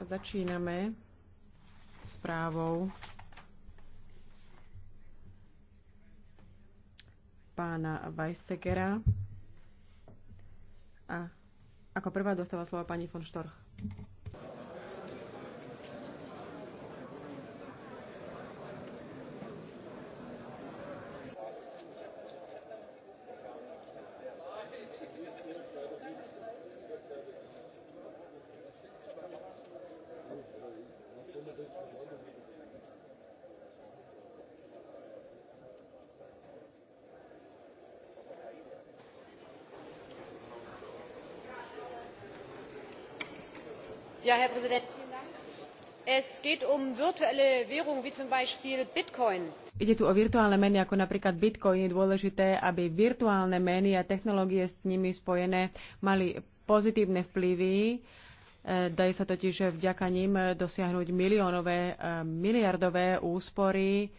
Začíname správou pána Weissegera. A ako prvá dostáva slovo pani von Štorch. herr präsident! es geht um virtuelle währungen wie zum beispiel bitcoin. ide tu o virtuálne meny ako napríklad bitcoin. je dôležité aby virtuálne meny a technológie s nimi spojené mali pozitívne vplyvy e, dá sa totiž vďaka nim dosiahnuť miliónové, e, miliardové úspory.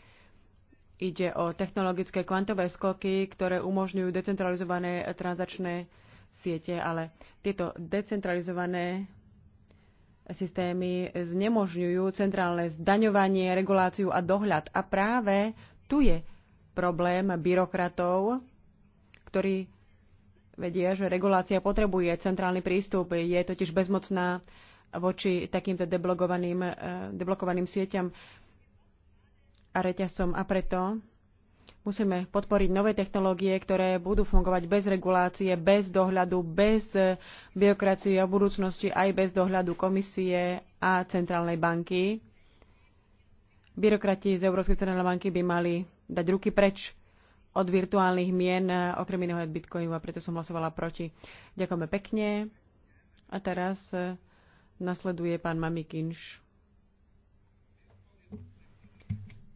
Ide o technologické kvantové skoky, ktoré umožňujú decentralizované tranzačné siete, ale tieto decentralizované systémy znemožňujú centrálne zdaňovanie, reguláciu a dohľad. A práve tu je problém byrokratov, ktorí vedia, že regulácia potrebuje centrálny prístup, je totiž bezmocná voči takýmto deblokovaným, eh, deblokovaným sieťam a reťazcom. A preto Musíme podporiť nové technológie, ktoré budú fungovať bez regulácie, bez dohľadu, bez eh, byrokracie a v budúcnosti aj bez dohľadu komisie a centrálnej banky. Byrokrati z Európskej centrálnej banky by mali dať ruky preč od virtuálnych mien, eh, okrem iného od bitcoinu, a preto som hlasovala proti. Ďakujeme pekne. A teraz eh, nasleduje pán Kinš.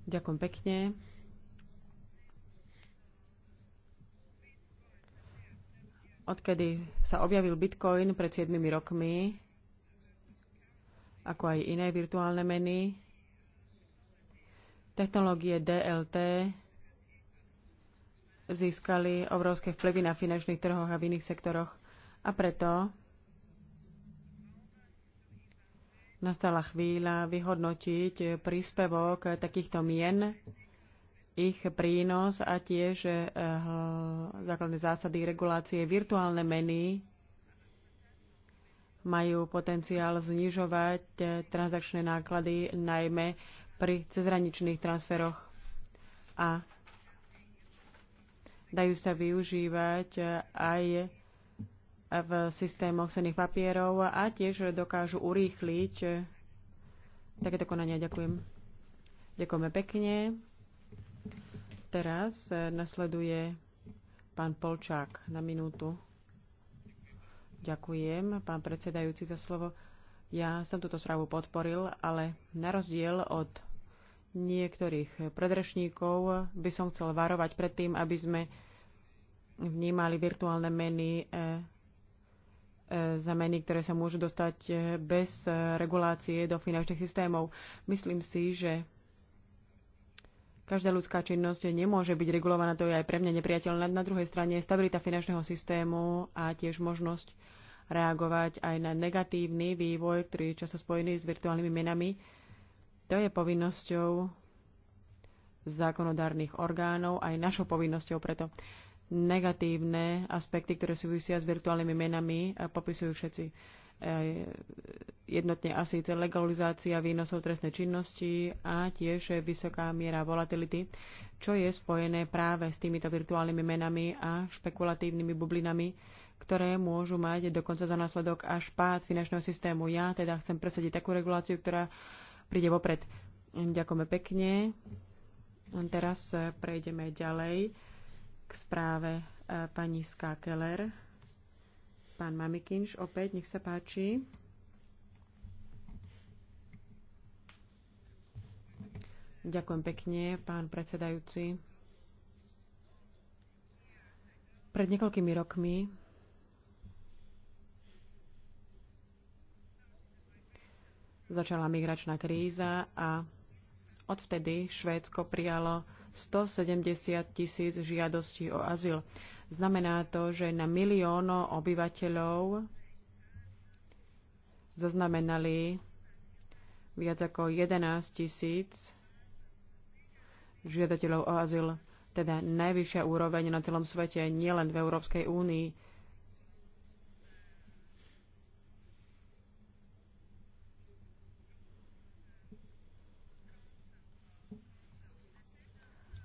Ďakujem pekne. Odkedy sa objavil Bitcoin pred 7 rokmi, ako aj iné virtuálne meny, technológie DLT získali obrovské vplyvy na finančných trhoch a v iných sektoroch a preto nastala chvíľa vyhodnotiť príspevok takýchto mien ich prínos a tiež eh, eh, základné zásady regulácie virtuálne meny majú potenciál znižovať eh, transakčné náklady najmä pri cezhraničných transferoch a dajú sa využívať aj v systémoch cených papierov a tiež dokážu urýchliť takéto konania. Ďakujem. Ďakujeme pekne. Teraz e, nasleduje pán Polčák na minútu. Ďakujem, pán predsedajúci, za slovo. Ja som túto správu podporil, ale na rozdiel od niektorých predrečníkov by som chcel varovať pred tým, aby sme vnímali virtuálne meny e, e, za meny, ktoré sa môžu dostať bez regulácie do finančných systémov. Myslím si, že Každá ľudská činnosť nemôže byť regulovaná, to je aj pre mňa nepriateľné. Na druhej strane stabilita finančného systému a tiež možnosť reagovať aj na negatívny vývoj, ktorý je často spojený s virtuálnymi menami. To je povinnosťou zákonodárnych orgánov, aj našou povinnosťou preto. Negatívne aspekty, ktoré súvisia s virtuálnymi menami, popisujú všetci E, jednotne asi legalizácia výnosov trestnej činnosti a tiež vysoká miera volatility, čo je spojené práve s týmito virtuálnymi menami a špekulatívnymi bublinami, ktoré môžu mať dokonca za následok až pád finančného systému. Ja teda chcem presadiť takú reguláciu, ktorá príde vopred. Ďakujeme pekne. Teraz prejdeme ďalej k správe e, pani Skakeler. Pán Mamikinš, opäť, nech sa páči. Ďakujem pekne, pán predsedajúci. Pred niekoľkými rokmi začala migračná kríza a odvtedy Švédsko prijalo 170 tisíc žiadostí o azyl. Znamená to, že na milióno obyvateľov zaznamenali viac ako 11 tisíc žiadateľov o azyl, teda najvyššia úroveň na celom svete, nielen v Európskej únii.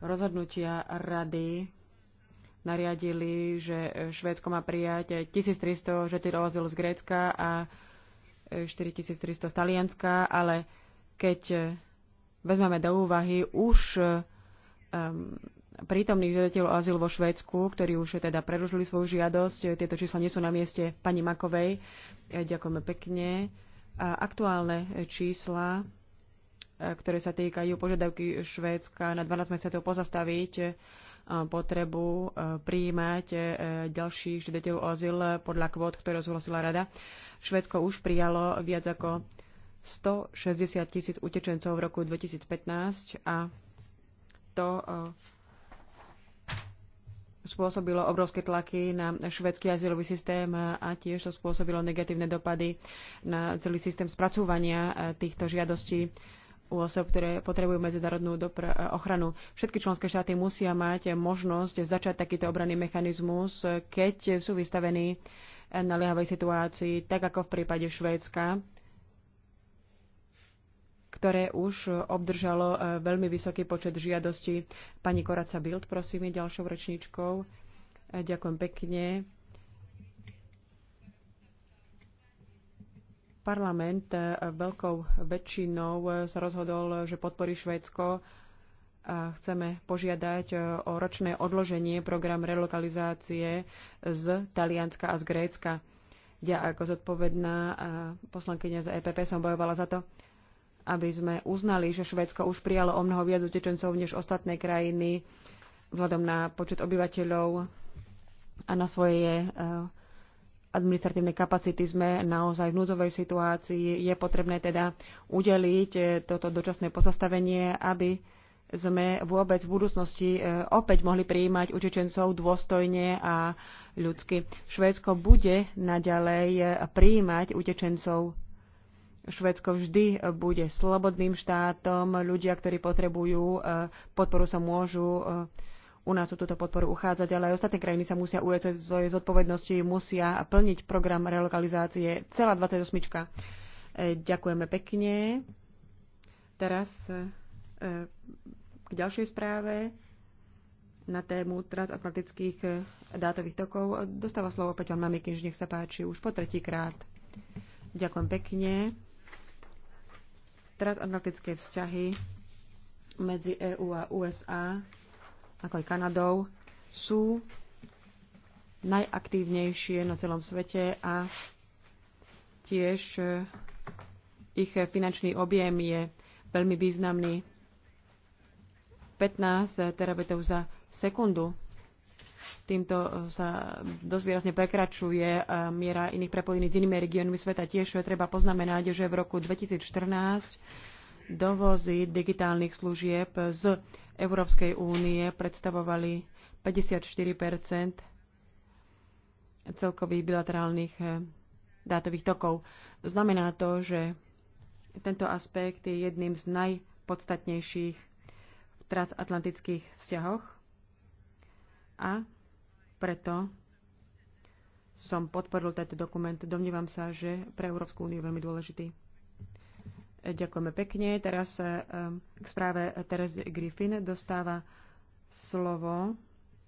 Rozhodnutia rady nariadili, že Švédsko má prijať 1300 žiadateľov azylu z Grécka a 4300 z Talianska, ale keď vezmeme do úvahy už um, prítomných žiadateľov azylu vo Švédsku, ktorí už teda predložili svoju žiadosť. Tieto čísla nie sú na mieste pani Makovej. Eh, ďakujeme pekne. A aktuálne čísla, eh, ktoré sa týkajú požiadavky Švédska na 12 mesiacov pozastaviť potrebu e, prijímať e, ďalších žiadateľov o azyl podľa kvót, ktoré súhlasila rada. Švedsko už prijalo viac ako 160 tisíc utečencov v roku 2015 a to e, spôsobilo obrovské tlaky na švedský azylový systém a tiež to spôsobilo negatívne dopady na celý systém spracúvania týchto žiadostí u osob, ktoré potrebujú medzinárodnú eh, ochranu. Všetky členské štáty musia mať možnosť začať takýto obranný mechanizmus, keď sú vystavení na naliehavej situácii, tak ako v prípade Švédska, ktoré už obdržalo eh, veľmi vysoký počet žiadostí. Pani Koraca Bild, prosím, je ďalšou rečníčkou. Eh, ďakujem pekne. Parlament e, veľkou väčšinou sa rozhodol, že podporí Švédsko a chceme požiadať e, o ročné odloženie program relokalizácie z Talianska a z Grécka. Ja ako zodpovedná e, poslankyňa za EPP som bojovala za to, aby sme uznali, že Švédsko už prijalo o mnoho viac utečencov než ostatné krajiny vzhľadom na počet obyvateľov a na svoje administratívne kapacity sme naozaj v núdzovej situácii. Je potrebné teda udeliť eh, toto dočasné pozastavenie, aby sme vôbec v budúcnosti eh, opäť mohli prijímať utečencov dôstojne a ľudsky. Švédsko bude naďalej eh, prijímať utečencov. Švédsko vždy bude slobodným štátom. Ľudia, ktorí potrebujú podporu, sa môžu u nás o túto podporu uchádzať, ale aj ostatné krajiny sa musia ujať svojej zodpovednosti, musia plniť program relokalizácie. Celá 28. E, ďakujeme pekne. Teraz e, k ďalšej správe na tému transatlantických e, dátových tokov. Dostáva slovo opäť pán že nech sa páči, už po tretíkrát. Ďakujem pekne. Transatlantické vzťahy medzi EU a USA ako aj Kanadou, sú najaktívnejšie na celom svete a tiež e, ich finančný objem je veľmi významný. 15 e, terabitov za sekundu. Týmto e, sa dosť výrazne prekračuje miera iných prepojení s inými regiónmi sveta. Tiež treba poznamenať, že v roku 2014 dovozy digitálnych služieb z Európskej únie predstavovali 54 celkových bilaterálnych eh, dátových tokov. Znamená to, že tento aspekt je jedným z najpodstatnejších v transatlantických vzťahoch a preto som podporil tento dokument. Domnívam sa, že pre Európsku úniu je veľmi dôležitý. Ďakujeme pekne. Teraz eh, k správe Terezy Griffin dostáva slovo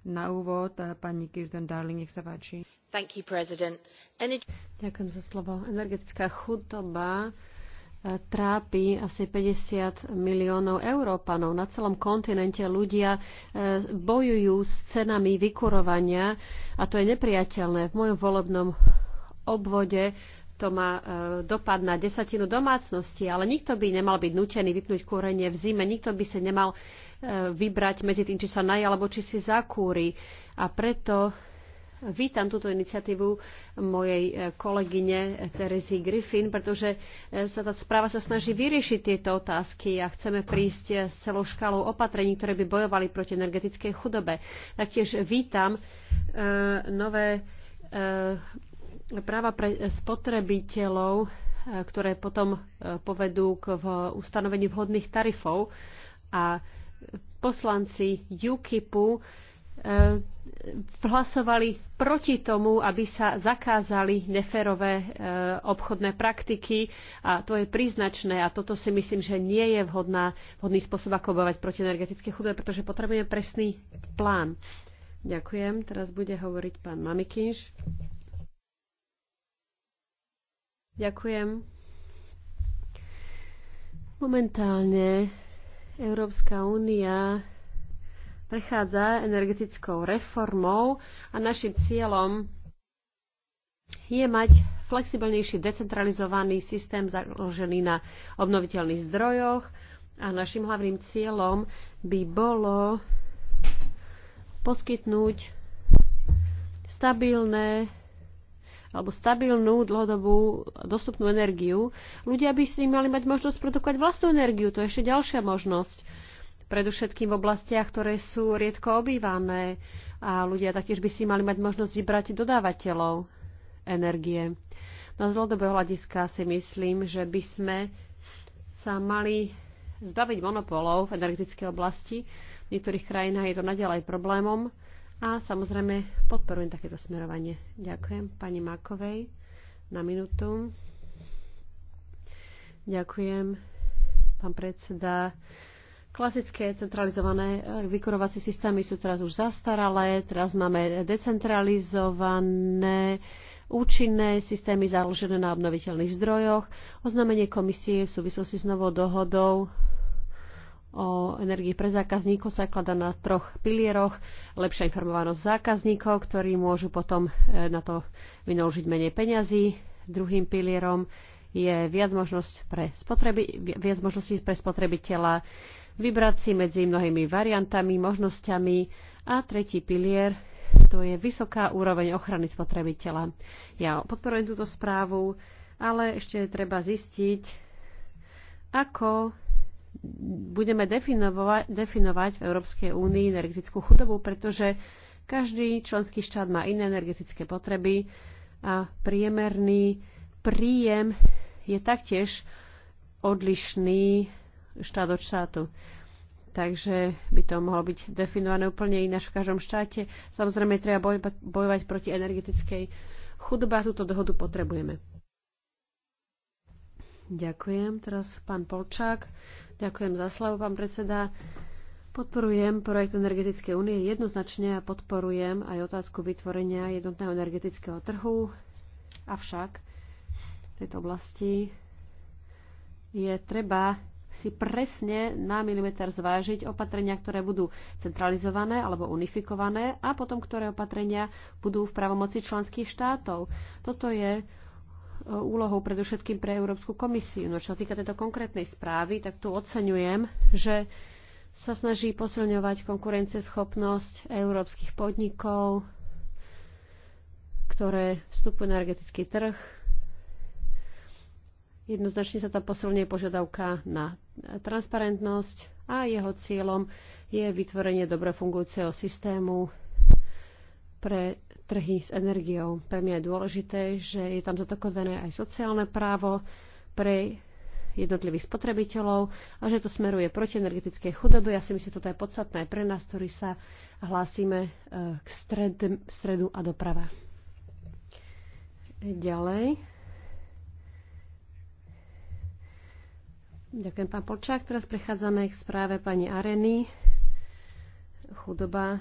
na úvod eh, pani Kirsten Darling. Nech sa páči. Thank you, President. Energy... Ďakujem za slovo. Energetická chudoba eh, trápi asi 50 miliónov Európanov. Na celom kontinente ľudia bojujú s cenami vykurovania a to je nepriateľné. V mojom volebnom obvode to má e, dopad na desatinu domácnosti, ale nikto by nemal byť nutený vypnúť kúrenie v zime, nikto by sa nemal e, vybrať medzi tým, či sa naje alebo či si zakúri. A preto Vítam túto iniciatívu mojej e, kolegyne Terezy Griffin, pretože sa tá správa sa snaží vyriešiť tieto otázky a chceme prísť s celou škálou opatrení, ktoré by bojovali proti energetickej chudobe. Taktiež vítam nové práva pre spotrebiteľov, e, ktoré potom e, povedú k ustanoveniu vhodných tarifov. A poslanci UKIPu e, hlasovali proti tomu, aby sa zakázali neférové obchodné praktiky a to je príznačné a toto si myslím, že nie je vhodná, vhodný spôsob, ako bojovať proti energetické chudobe, pretože potrebujeme presný plán. Ďakujem. Teraz bude hovoriť pán Mamikinš. Ďakujem. Momentálne Európska únia prechádza energetickou reformou a našim cieľom je mať flexibilnejší decentralizovaný systém založený na obnoviteľných zdrojoch a našim hlavným cieľom by bolo poskytnúť stabilné alebo stabilnú, dlhodobú, dostupnú energiu, ľudia by si mali mať možnosť produkovať vlastnú energiu. To je ešte ďalšia možnosť. Predovšetkým v oblastiach, ktoré sú riedko obývané a ľudia taktiež by si mali mať možnosť vybrať dodávateľov energie. Na no, dlhodobého hľadiska si myslím, že by sme sa mali zbaviť monopolov v energetickej oblasti. V niektorých krajinách je to naďalej problémom a samozrejme podporujem takéto smerovanie. Ďakujem pani Makovej na minútu. Ďakujem, pán predseda. Klasické centralizované vykurovacie systémy sú teraz už zastaralé, teraz máme decentralizované účinné systémy založené na obnoviteľných zdrojoch. Oznámenie komisie v súvislosti s novou dohodou o energii pre zákazníkov sa kladá na troch pilieroch. Lepšia informovanosť zákazníkov, ktorí môžu potom e, na to vynaložiť menej peňazí. Druhým pilierom je viac, možnosť pre spotreby, viac možností pre spotrebiteľa vybrať si medzi mnohými variantami, možnosťami. A tretí pilier to je vysoká úroveň ochrany spotrebiteľa. Ja podporujem túto správu, ale ešte treba zistiť, ako budeme definovať, definovať v Európskej únii energetickú chudobu, pretože každý členský štát má iné energetické potreby a priemerný príjem je taktiež odlišný štát od štátu. Takže by to mohlo byť definované úplne ináč v každom štáte. Samozrejme, treba bojovať proti energetickej chudobe a túto dohodu potrebujeme. Ďakujem. Teraz pán Polčák. Ďakujem za slavu, pán predseda. Podporujem projekt Energetickej únie jednoznačne a podporujem aj otázku vytvorenia jednotného energetického trhu. Avšak v tejto oblasti je treba si presne na milimeter zvážiť opatrenia, ktoré budú centralizované alebo unifikované a potom, ktoré opatrenia budú v pravomoci členských štátov. Toto je úlohou predovšetkým pre Európsku komisiu. No čo týka tejto konkrétnej správy, tak tu oceňujem, že sa snaží posilňovať konkurencieschopnosť európskych podnikov, ktoré vstupujú na energetický trh. Jednoznačne sa tam posilňuje požiadavka na transparentnosť a jeho cieľom je vytvorenie dobre fungujúceho systému pre trhy s energiou. Pre mňa je dôležité, že je tam zatokotvené aj sociálne právo pre jednotlivých spotrebiteľov a že to smeruje proti energetickej chudobe. Ja si myslím, že toto je podstatné pre nás, ktorí sa hlásime e, k stred, stredu a doprava. Ďalej. Ďakujem, pán Polčák. Teraz prechádzame k správe pani Areny. Chudoba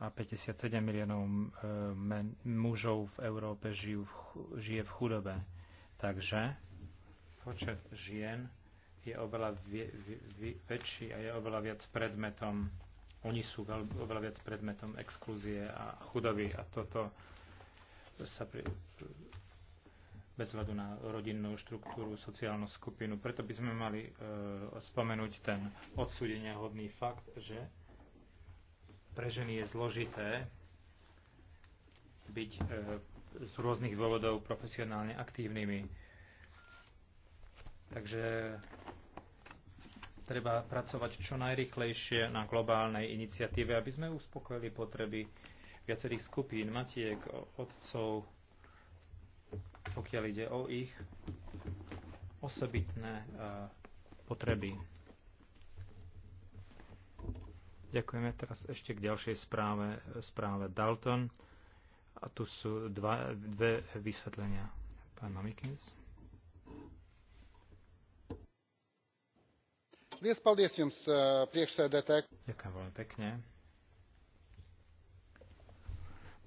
a 57 miliónov e, mužov v Európe žijú v, žije v chudobe. Takže počet žien je oveľa vie, vie, väčší a je oveľa viac predmetom, oni sú veľ, oveľa viac predmetom exkluzie a chudoby a toto sa pri, bez hľadu na rodinnú štruktúru, sociálnu skupinu. Preto by sme mali e, spomenúť ten odsúdenia hodný fakt, že pre ženy je zložité byť e, z rôznych dôvodov profesionálne aktívnymi. Takže treba pracovať čo najrychlejšie na globálnej iniciatíve, aby sme uspokojili potreby viacerých skupín, matiek, otcov, pokiaľ ide o ich osobitné e, potreby. Ďakujeme teraz ešte k ďalšej správe, správe Dalton. A tu sú dva, dve vysvetlenia. Pán Mamikins. Eh, Ďakujem veľmi pekne.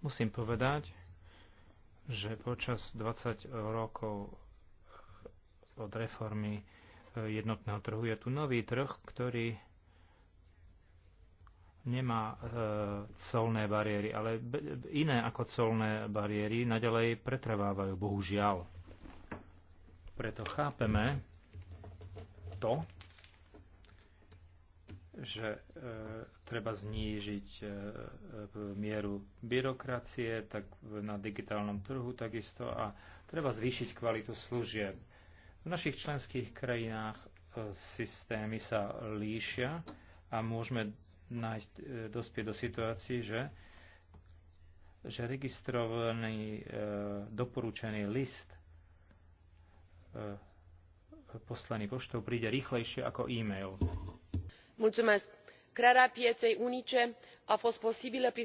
Musím povedať, že počas 20 rokov od reformy eh, jednotného trhu je tu nový trh, ktorý nemá e, colné bariéry, ale be, iné ako colné bariéry naďalej pretrvávajú, bohužiaľ. Preto chápeme to, že e, treba znížiť e, e mieru byrokracie tak na digitálnom trhu takisto a treba zvýšiť kvalitu služieb. V našich členských krajinách e, systémy sa líšia a môžeme nájsť, e, dospieť do situácií, že, že registrovaný e, doporučený list e, poslaný poštou príde rýchlejšie ako e-mail.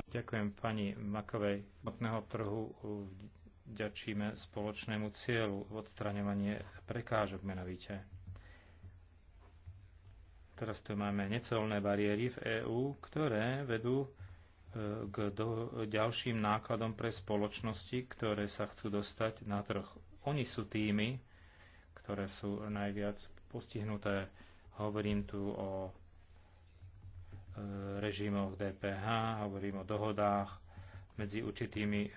Ďakujem pani Makovej. Motného trhu ďačíme spoločnému cieľu odstraňovanie prekážok menovite. Teraz tu máme necelné bariéry v EÚ, ktoré vedú e, k do, ďalším nákladom pre spoločnosti, ktoré sa chcú dostať na trh. Oni sú tými, ktoré sú najviac postihnuté. Hovorím tu o e, režimoch DPH, hovorím o dohodách medzi určitými e,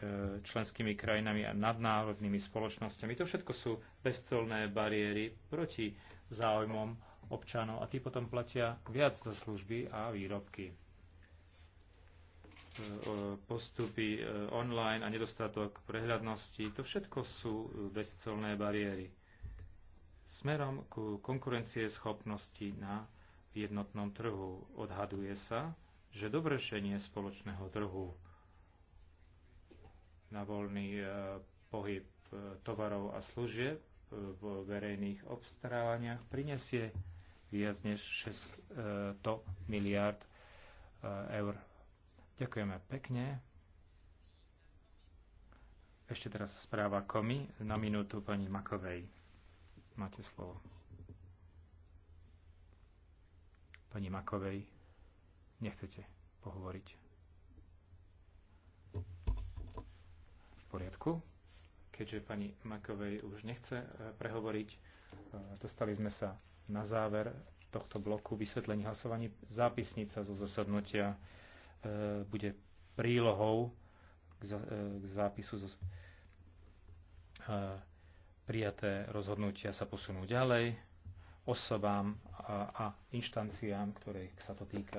členskými krajinami a nadnárodnými spoločnosťami. To všetko sú bezcelné bariéry proti záujmom občanov a tí potom platia viac za služby a výrobky. E, postupy e, online a nedostatok prehľadnosti, to všetko sú e, bezcelné bariéry. Smerom ku konkurencie schopnosti na jednotnom trhu odhaduje sa, že dovršenie spoločného trhu na voľný pohyb tovarov a služieb v verejných obstarávaniach prinesie viac než 600 miliárd eh, eur. Ďakujeme pekne. Ešte teraz správa komi na minútu pani Makovej. Máte slovo. Pani Makovej, nechcete pohovoriť. V poriadku. Keďže pani Makovej už nechce eh, prehovoriť, eh, dostali sme sa na záver tohto bloku vysvetlení hlasovaní zápisnica zo zasadnutia e, bude prílohou k, za, e, k zápisu zo, e, prijaté rozhodnutia sa posunú ďalej osobám a, a inštanciám, ktorých sa to týka.